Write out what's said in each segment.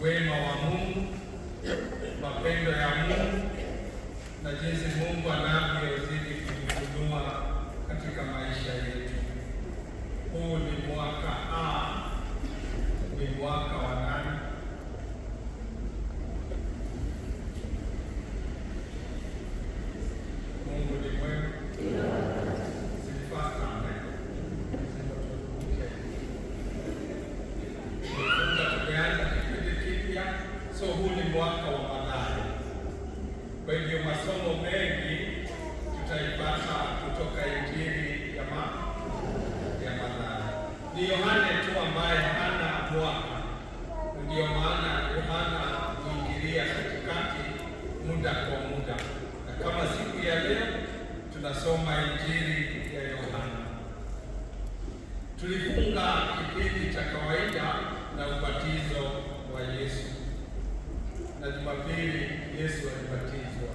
wema wa Mungu, mapendo ya Mungu na jinsi Mungu anavyozidi kujifunua katika maisha yetu. Huu ni mwaka A, ni mwaka wa ni Yohane tu ambaye hana mwaka. Ndiyo maana Yohana kuingilia katikati muda kwa muda, na kama siku ya leo tunasoma injili ya Yohana. Tulifunga kipindi cha kawaida na ubatizo wa Yesu, na Jumapili Yesu alibatizwa.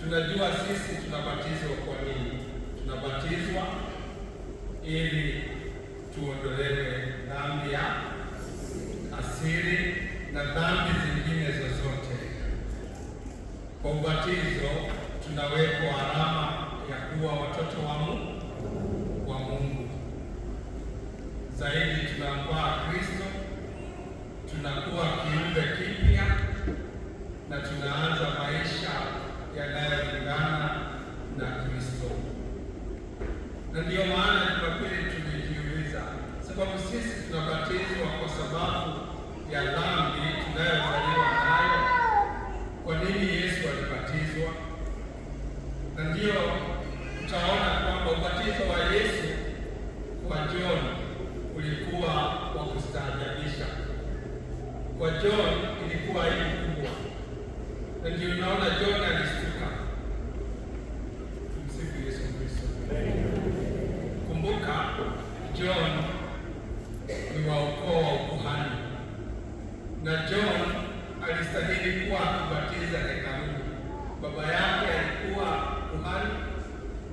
Tunajua sisi tunabatizwa kwa nini? Tunabatizwa ili tuondolewe dhambi ya asili na dhambi zingine zozote. Kwa ubatizo tunawekwa alama ya kuwa watoto wa Mungu wa Mungu. Zaidi tunamvaa Kristo, tunakuwa na John alistahili kuwa akibatiza hekalu. Baba yake alikuwa kuhani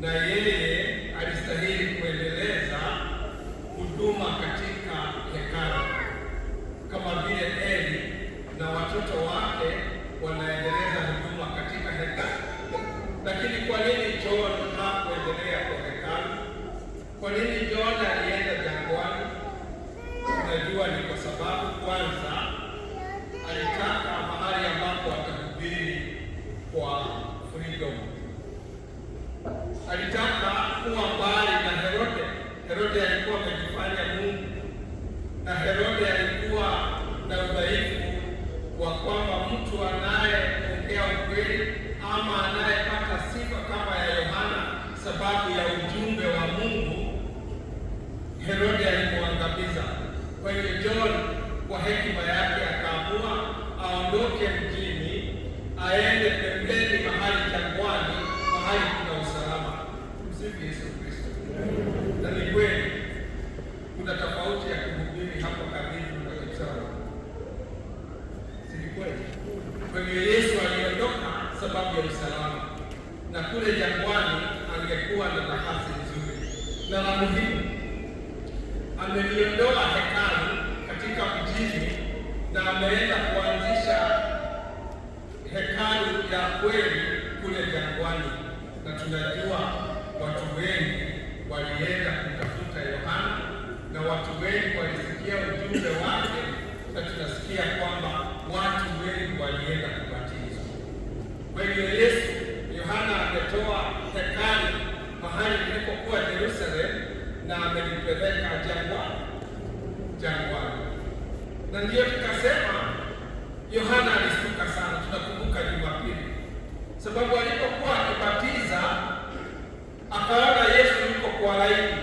na yeye Kwa hiyo John kwa hekima yake akaamua aondoke mjini, aende pembeni, mahali jangwani, mahali kuna usalama. Msifu Yesu Kristo. Na ni kweli kuna tofauti ya kuhubiri hapo karibu na Yerusalemu, si kweli? Kwa hiyo Yesu aliondoka sababu ya usalama, na kule jangwani angekuwa na nafasi nzuri na la muhimu ameliondoa mjini na ameenda kuanzisha hekalu ya kweli kule jangwani, na tunajua watu wengi walienda kutafuta Yohana na watu wengi walisikia ujumbe wake, na tunasikia kwamba watu wengi walienda kubatizwa. Kwa Yesu Yohana ametoa hekalu mahali ilipokuwa Yerusalemu na amelipeleka jangwani jangwani na ndiye tukasema Yohana alistuka sana. Tunakumbuka Jumapili, sababu alipokuwa akibatiza akaona Yesu yuko kwa laini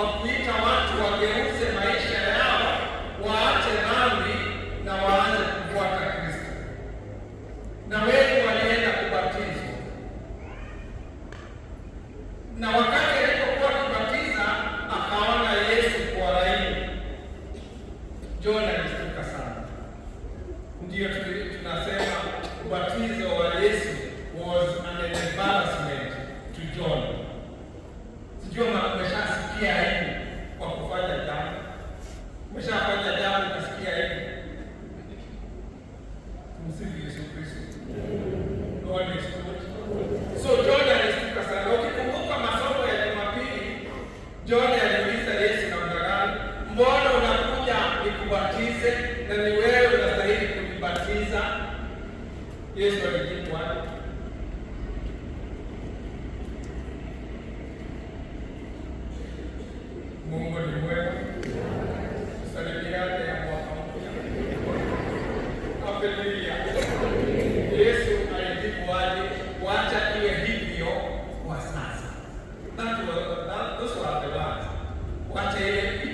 kwa kuita watu wageuze maisha yao, waache dhambi na waanze kumfuata Kristo. Na wengi walienda kubatizwa, na wakati alipokuwa kubatiza akaona Yesu kwa laini, John alistuka sana. Ndiyo tunasema ubatizo wa Yesu was an embarrassment to John. Sijua mmeshasikia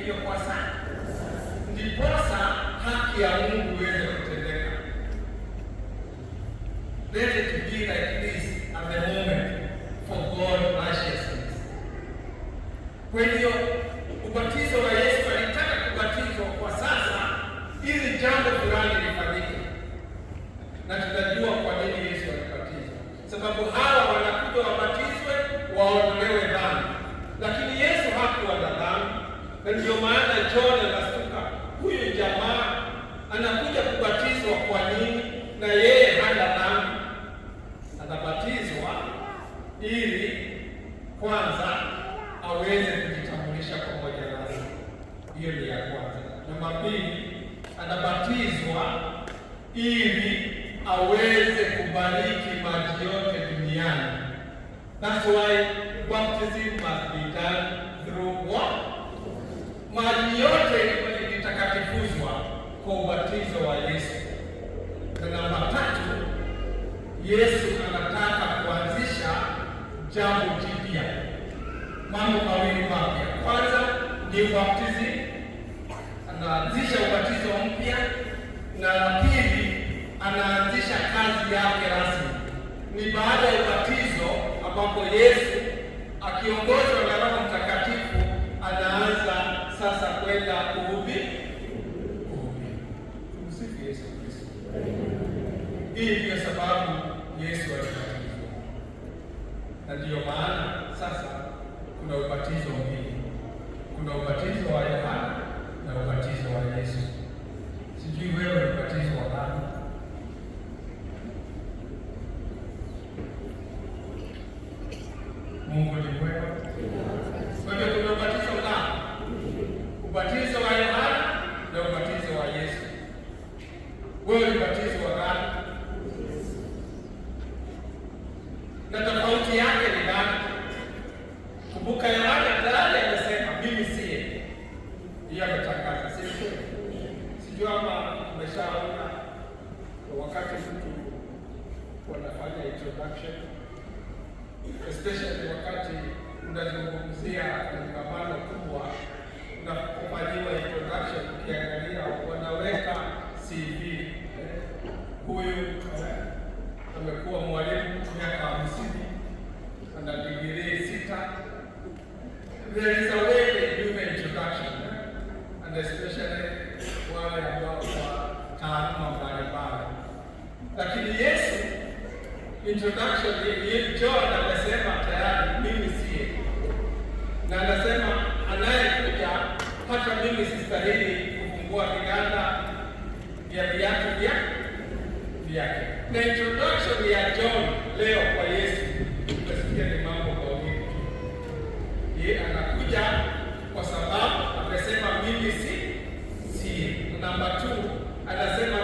iliyokuwa sana, ndiposa haki ya Mungu iweze kutendeka. Let it be like this at the moment for God righteousness. Kwa hiyo ili kwanza aweze kujitambulisha pamoja nasi. Hiyo ni ya kwanza. Namba pili, anabatizwa ili aweze kubariki maji yote duniani. That's why baptism must be done through what? Maji yote ilitakatifu kwa ubatizo wa Yesu. Na namba tatu, Yesu jambo jipya, mambo mawili mapya. Kwanza ni ubatizi, anaanzisha ubatizo mpya, na la pili anaanzisha kazi yake rasmi. Ni baada ya ubatizo ambapo Yesu akiongozwa na Roho Mtakatifu anaanza sasa kwenda kuhubiri. Hii ndiyo sababu Yesu alikuwa na ndiyo maana sasa kuna ubatizo mbili, kuna ubatizo wa Yohana na ubatizo wa Yesu. Sijui wewe ni ubatizo wa nani? Mungu ni mwema. introduction hii John amesema tayari mimi siye, na anasema anayekuja hata mimi sistahili kufungua viganda vya viatu vya vyake. Na introduction ya John leo kwa Yesu utasikia ni mambo mawili. Yeye anakuja kwa sababu amesema mimi si si Namba 2 anasema